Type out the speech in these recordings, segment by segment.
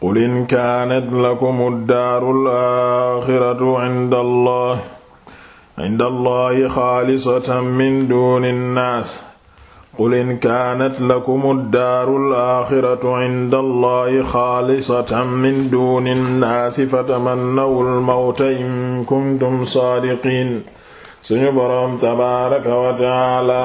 qul in kaanat lakum ad-daaru al-aaxiratu inda allah inda allahi xaalisatan min duuni nnaas qul in kaanat lakum ad-daaru al-aaxiratu inda allahi xaalisatan min duuni nnaasi fatamannawu al-mawta in kuntum saadiqiin suñu boroom tabaaraka wa taala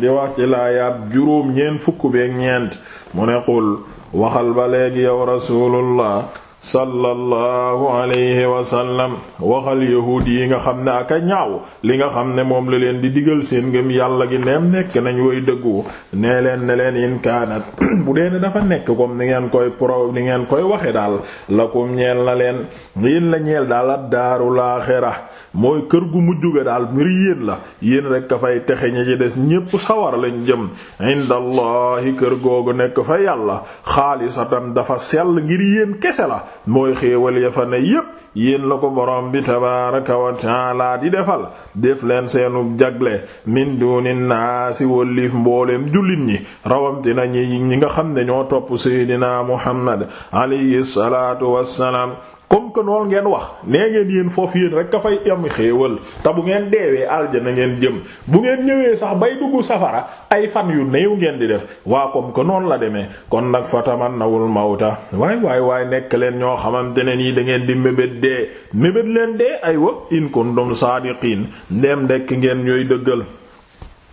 di wax ci laayaab juróom ñeent fukk beek ñeent mu ne qul waxal ba léegi yow rasulullah sallallahu alayhi wa sallam waxal yahuud yi nga xam ne ak ñaaw li nga xam ne moom la leen di digal seen ngëm yàlla gi neem nekk nañ woy dëggu nee leen ne leen in kaanat bu dee ne dafa nekk ko ni ngeen koy pro ni ngeen koy waxe daal ko ñeel na leen yéen la ñeel daal ad daarul aaxira mooy kër gu mujj ga daal mbir yéen la yéen rek ka fay texe ñi ci des ñépp sawar lañ jëm indallahi kër googu nekk fa yàlla xaalisatan dafa sell ngir yéen kese la mooy xéewal ya fa ne yépp yéen la ko borom bi tabaaraka wa taala di defal def leen seenu jagle min duni naasi wëlliif mbooleem jullit ñi rawamti na ñi ñi nga xam ne ñoo topp seydinaa muhammad alayhi salaatu wassalaam comme que noonu ngeen wax nee ngeen yéen foofu yéen rek ka fay am xéewal te bu ngeen deewee aljana ngeen jëm bu ngeen ñëwee sax bay dugg safara ay fan yu néew ngeen di def waa comme que noonu la demee kon nag fa tamannawul mawta waay waay waay nekk leen ñoo xamante ne nii da ngeen di mébét dee mébét leen dee ay wa in kuntum saadiqin ndem dekk ngeen ñooy dëggal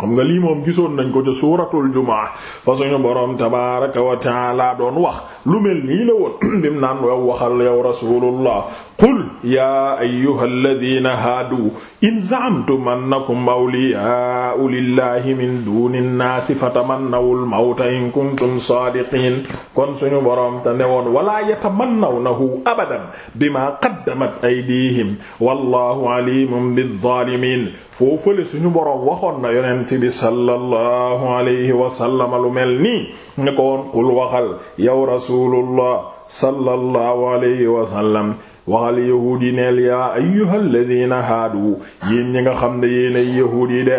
xam nga lii moom gisoon nañ ko ca suuratul jumaa fa suñu boroom tabaaraka wa taala doon wax lu mel nii la woon bim naan yow waxal yow rasulullah qul yaa ayyuha alladina haadu in zaamtum annakum awliyaau lillahi min duni nnaasi fatamannawul mawta in kuntum saadiqin kon suñu boroom te ne woon walaa yatamannawnahu abadan bima qaddamat aydihim wallahu alimun bizzaalimiin foofale suñu boroom waxoon na yonent bi sallallahu alayhi wa sallam lu mel nii ne ko woon qul waxal yow rasulullah sallallahu alayhi wa sallam waxal yahuud yi neel yaa ayyuhal ladina haadu yéen ñi nga xam ne yéen ay yahuud yi de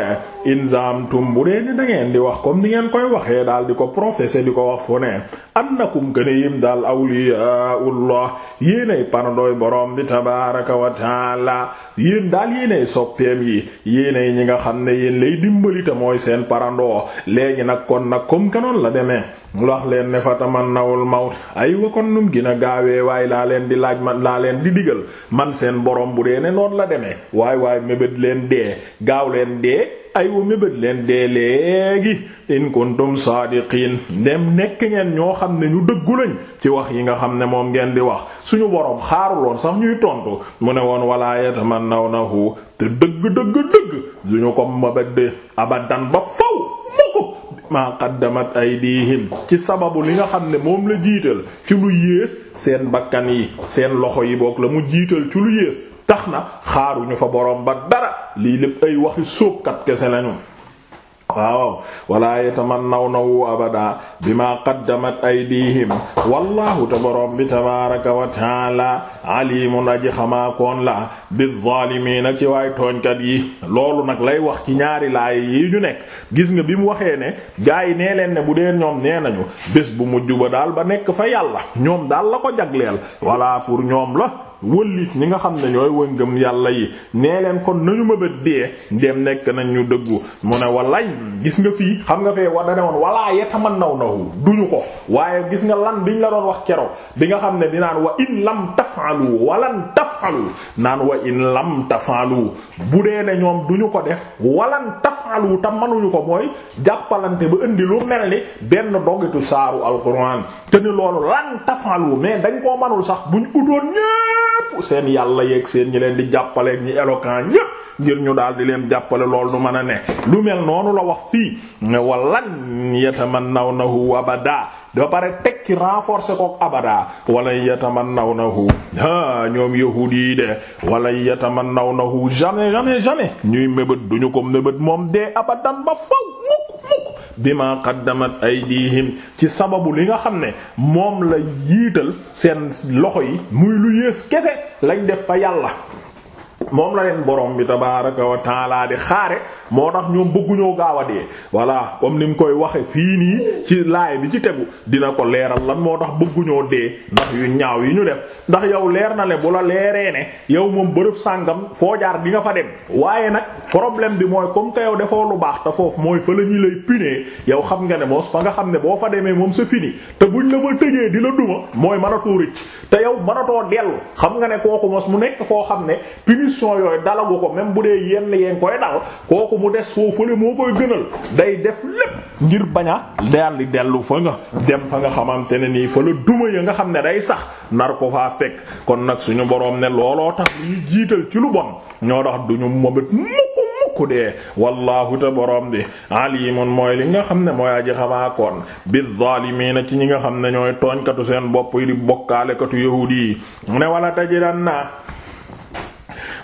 inzaamtum bu dee di da ngeen di wax comme ni ngeen koy waxee daal di ko professé di ko wax fu ne na gën a yéem daal awliyaullah yéenay parandooy borom bi tabaaraka wa taala yéen daal yéenay soppeem yi yéenay ñi nga xam ne yéen lay dimbali te mooy seen parandoo léegi nag kon nag comme que noonu la demee wax leen ne fa tamannawul mawt aywa kon num gën a gaawee waaye laa leen di laaj man laa leen di digal man seen borom bu dee ne noonu la demee waaye waay mébét leen dee gaaw leen dee. ay mébét leen dee léegi in kuntum saadiqiin dem nekk ngeen ñoo xam ne ñu dëggu lañ ci wax yi nga xam ne moom ngeen di wax suñu boroom xaaruloon sax ñuy tontu mu ne woon walaa yatamannawnahu te dëgg dëgg dëgg duñu ko mébét de abadan ba faw mu ko ma qaddamat aydihim ci sababu li nga xam ne moom la jiital ci lu yées seen bakkan yi seen loxo yi boog la mu jiital ci lu yées tax na xaaruñu fa borom ba dara lii lépp ay waxi sóobkat kese lañu waaw wala yatamannawnahu abada bima qaddamat aydihim wallahu te boroom bi tabaraka wa taala alimun aji xamaakoon la bizaalimiina ci waay tooñkat yi loolu nag lay wax ci ñaari laay yi ñu nekk gis nga bi mu waxee ne gaa yi nee leen ne bu dee ñoom nee nañu bés bu mujj ba daal ba nekk fa yàlla ñoom daal la ko jagleel wala pour ñoom la wëlliif ñi nga xam ne ñooy wëngëm yàlla yi nee leen kon nañu mëbët dee ndeem nekk nañ ñu dëggu mu ne walañ gis nga fii xam nga fee war na ne woon walaa yatamannaw nahu duñu ko waaye gis nga lan biñ la doon wax kero bi nga xam ne dinaa wa in lam tafaalu walan tafaalu naan wa in lam tafaalu bu dee ne ñoom du ñu ko def walan tafaalu te manuñu ko mooy jàppalante ba indi lu mel ni benn dogitu saaru alquran te ni loolu lan tafaalu mais dañ koo mënul sax buñ utoon ñépp seen yàlla yeeg seen ñi leen di jàppaleeg ñi éloquent ñépp ngir ñu daal di leen jàppale lool du mën a ne lu mel noonu la wax fii ne na yatamannawnahu abada da pare teg ci renforcer kook abada walan yatamannawnahu a ñoom yahuudi yi de walan yatamannawnahu jamais jamais jamais ñuy mébét duñu ko mébét moom de abadan ba faw mukk mukk bima qaddamat aydihim ci sababu li nga xam ne moom la yiital seen loxo yi muy lu yées kese lañ def fa yàlla moom la leen borom bi tabaaraka wa taala di xaare moo tax ñoom bëgguñoo gaaw a dee voilà comme ni mu koy waxe fii nii ci laay bi ci tegu dina ko leeral lan moo tax bëgguñoo dee ndax yu ñaaw yi ñu def ndax yow leer na le bu la leeree ne yow moom bërëb sàngam foo jaar di nga fa dem waaye nag problème bi mooy comme que yow defoo lu baax te foofu mooy fa la ñu lay punir yow xam nga ne moos fa nga xam ne boo fa demee moom sa fini te buñ la fa tëjee di la duma mooy mën a te yow manatoo dellu xam nga ne kooku mos mu nekk foo xam ne punition yooyu dalagu ko même bu dee yenn yeen koy dal kooku mu des foofule moo koy gënal day def lépp ngir bañ a daal di dellu fa nga dem fa nga xamante ne nii fa la duma ya nga xam ne day sax nar ko faa fekk kon nag suñu boroom ne looloo tax lu ñu jiital ci lu bon ñoo tax duñu mobet mukk bokku dee wallaahu te bi alimun mooy li nga xam ne mooy aji xamaa koon bi zaalimiina ci ñi nga xam ne ñooy tooñkatu seen bopp yi di bokkaalekatu yahuudi yi mu ne wala tajidanna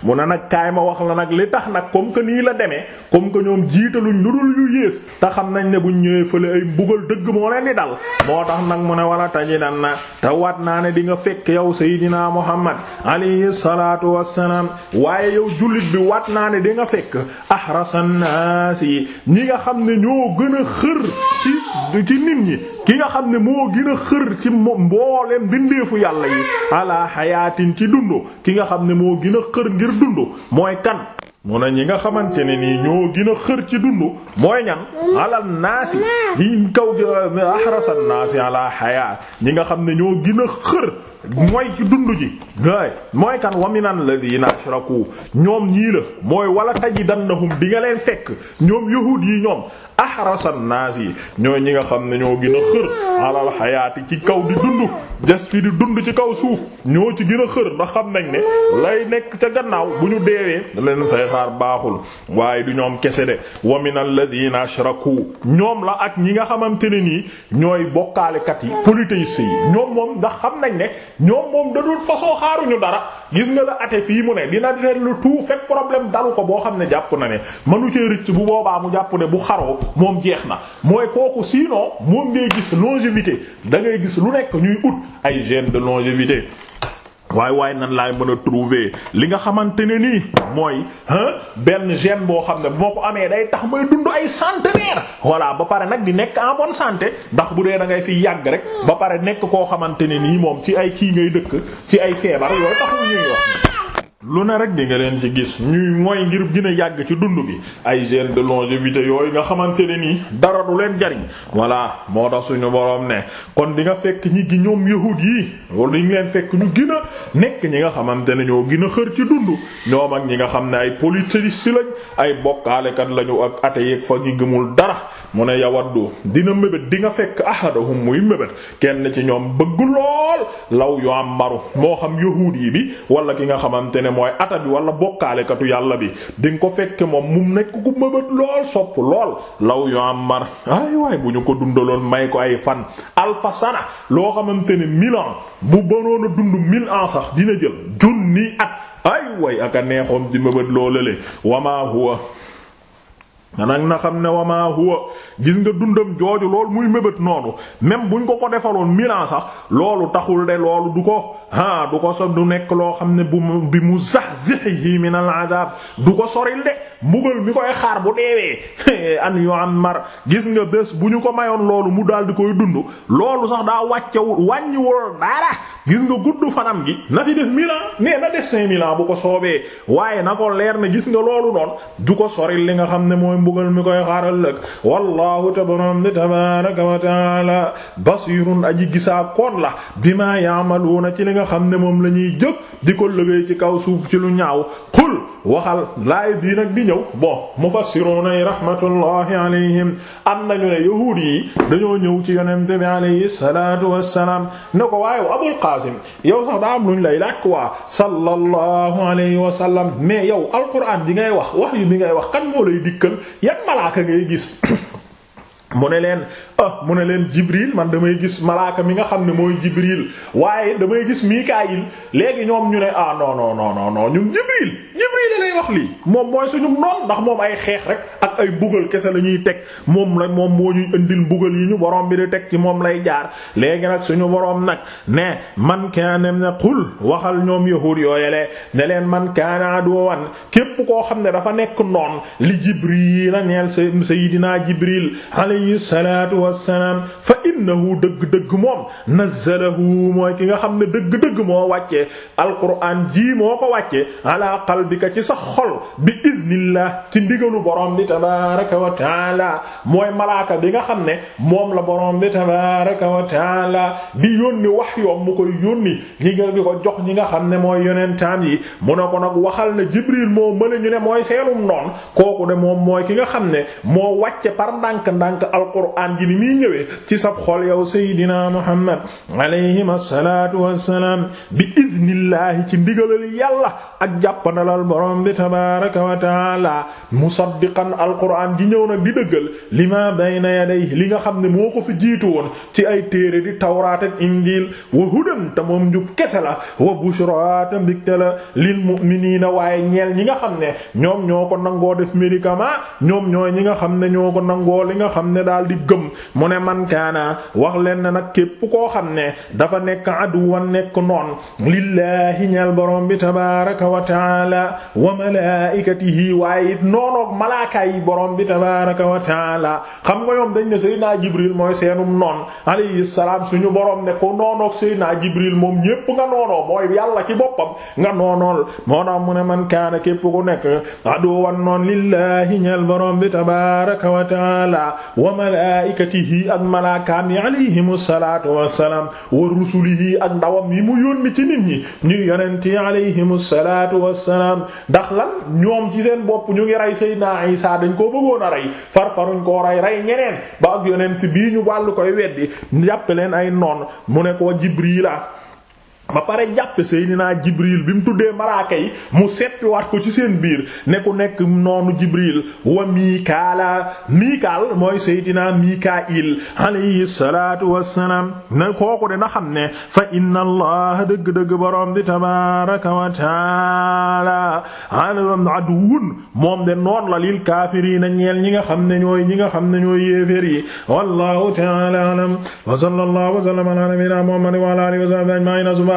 mu ne nag kaay ma wax la nag li tax nag comme que nii la demee comme que ñoom jiitaluñ lu dul yu yées te xam nañ ne buñ ñëwee fële ay mbugal dëgg moo leen di dal moo tax nag mu ne wala tajidan na te waat naa ne di nga fekk yow Seydina Muhammad alayhi salaatu wassalaam waaye yow jullit bi waat naa ne di nga fekk ahrasan naasi ñi nga xam ne ñoo gën a xër ci ci nit ñi ki nga xam ne moo gën a xër ci mboolem mbindeefu yàlla yi ala xayaatin ci dund ki nga xam ne moo gën a xër ngir dund mooy kan mu ne ñi nga xamante ne nii ñoo gën a xër ci dund mooy ñan alal naasi yi kaw axrasa naasi ala xayaat ñi nga xam ne ñoo gën a xër mooy ci dund ji waay mooy kan waminan ladina ashraku ñoom ñii la mooy wala tajidannahum di nga leen fekk ñoom yahud yi ñoom ahrasan naas yi ñooy ñi nga xam ne ñoo gën a xër alal xayaati ci kaw di dund des fi di dund ci kaw suuf ñoo ci gën a xër ndax xam nañ ne lay nekk ca gannaaw bu ñu deewee leen say xaar baaxul waaye du ñoom kese de waminal ladina ashraku ñoom la ak ñi nga xamante ne nii ñooy bokkaalekat yi polythéistes yi ñoom moom ndax xam nañ ne ñoom moom de toute façon xaaruñu dara gis nga la ate fii mu ne dina faire le tout fekk problème dalu ko boo xam ne jàpp na ne mënu cee ricc bu boobaa mu jàpp ne bu xaroo moom jeex na mooy kooku sinon moom ngay gis longévité da ngay gis lu nekk ñuy ut ay gènes de longévité waaye waaye nan laay mën a trouver li nga xamante ne nii mooy benn gène boo xam ne bu ko amee day tax may dund ay centenaire voilà ba pare nag di nekk en bonne santé ndax bu dee da ngay fi yàgg rek ba pare nekk koo xamante ne nii moom ci ay kii ngay dëkk ci ay feebar yooyu taxul ñuy wax lu ne rek di nga leen ci gis ñuy mooy ngir gën a yàgg ci dund bi ay gènes de longévité yooyu nga xamante ne nii dara du leen jariñ voilà moo tax suñu borom ne kon di nga fekk ñi gi ñoom yahud yi wala di leen fekk ñu gën a nekk ñi nga xamante ne ñoo gën a xër ci dund ñoom ak ñi nga xam ne ay polythéistes lañ ay bokkaalekat lañu ak athée fa ñu gëmul dara mu ne yawaddu dina mébét di nga fekk ahadahum muy mébét kenn ci ñoom bëgg lool law yu am maru moo xam yi bi wala ki nga xamante ne mooy ata bi wala bokkaalekatu yàlla bi dinga ko fekk moom mu nekk ku mébét lool sopp lool law yu am mar ay waay bu ñu ko dundaloon may ko ay fan alfa loo xamante ne mille bu banoon a dund mille ans sax dina jël junni at ay way ak a neexoom di mébét loolale wama nag na xam ne wama huwa gis nga dundam jooju loolu muy mébét noonu même ñu ko ko defaloon milan sax loolu taxul de loolu du ko ah du ko so nekk loo xam ne bu bi mu zahzihi min al adab du ko soril de mbugal mi koy xaar bu deewee an yu'ammar gis nga bés bu ñu ko mayoon loolu mu daal di koy dund loolu sax daa wàcce wàññiwul dara gis nga gudd fanam gi na fi def mille nee na def cinq mille bu ko soobee waaye na ko leer na gis nga loolu noonu du ko soril li nga xam ne mooy mbugal mi koy xaaral lëg wallahu tabaram bi tabaraka wa taala basirun aji gisaa koon la bima na ci li nga xam ne moom la ñuy jëf di ko liggéey ci kaw suuf ci lu ñaaw xul waxal laay bii nag bi ñëw bon mufassiruna yi rahmatullahi alayhim am nañu ne yahuud yi dañoo ñëw ci yonent bi alayhi ko waaye abul qaasim yow sax daa am luñ lay laaj quoi sallallahu alayhi wa sallam mais yow alquran bi ngay wax wax yu bi ngay wax kan moo lay dikkal yan malaaka ngay gis. mu ne leen ah mu ne leen jibril man damay gis malaaka mi nga xam ne mooy jibril waaye damay gis mikaayil léegi ñoom ñu ne ah non non non non ñun jibril lay wax lii moom mooy suñu noon ndax moom ay xeex rek ak ay mbugal kese la ñuy teg moom la moom moo ñuy indil mbugal yi ñu borom bi di teg ci moom lay jaar léegi nag suñu borom nag ne man kaana ne xul waxal ñoom yahuud yooyele ne leen man kaana aduwan képp koo xam ne dafa nekk noon li jibril a neel sa sayidina jibril alayhi salatu wassalam fa innahu dëgg-dëgg moom nazzalahu mooy ki nga xam ne dëgg-dëgg moo wàcce alquran ji moo ko wàcce ala qalbika ci sax xol bi iznillah ci ndigalu borom bi tabaraka wa taala mooy malaaka bi nga xam ne moom la borom bi tabaraka wa taala di yónni wax yoom mu koy yónni ñi nga ko jox ñi nga xam ne mooy yonentam yi mu ne ko nag waxal na jibril moo mën ñu ne mooy seenum noon kooku de moom mooy ki nga xam ne moo wàcce par ndànk-ndànk alquran ji ni muy ñëwee ci sab xol yow sayidina muhammad alayhi assalaatu wassalaam bi izni billaahi ci ndigalal yàlla ak jàppanalal borom bi tabaaraka wa taala musaddiqan alquran di ñëw nag di dëggal li ma bayna yadayhi li nga xam ne moo ko fi jiitu woon ci ay téere di tawraat ak injiil wa hudan te moom njub kese la wa bushraa te mbigte la lil mu'miniina waaye ñeel ñi nga xam ne ñoom ñoo ko nangoo def médicament ñoom ñooy ñi nga xam ne ñoo ko nangoo li nga xam ne daal di gëm mu ne man kaana wax leen na nag képp koo xam ne dafa nekk aduwan lillaahi ñeel borom bi tabaaraka wa taala wa malaa'ikatihi waaye it noonoog malaaka yi borom bi tabaaraka wa taala xam nga ñoom dañ ne Seydina Jibril mooy seenum noon alayhi su suñu borom ne ko noonoog Seydina Jibril moom ñépp nga noonoo mooy yàlla ci boppam nga noonool moo mu ne man kaana képp ku nekk aduwan noon lillaahi ñeel borom bi tabaaraka wa taala wa malaa'ikatihi ak malaakaam yi alayhimu salaatu wa rusulihi ak ndawam yi mu yónni ci ñuy yonent yi alayhimu salaatu wassalaam ndax lan ñoom ci seen bopp ñu ngi rey Seydina Isa dañ koo bëggoon a rey farfaruñ koo rey rey ñeneen ba ak yonent bii ñu wàllu koy weddi jàpp leen ay noon mu ne ko Jibriila ba pare jàppe Seydina Jibril bi mu tuddee malaaka yi mu seppiwaat ko ci seen biir ne nekk noonu Jibril wa Mikaala Mikaal mooy Seydina Mikaayil alayhi salaatu wassalaam na kooku de na xam ne fa inna allah dëgg-dëgg borom di tabaaraka wa taala alam aduwun moom de noon lil kaafiriina ñeel ñi nga xam ne ñooy ñi nga xam ne ñooy yéeféer yi taala alam wa sallallahu wa sallama ala nabiyyina muhammad wa ala alihi wa sahbihi ajma'in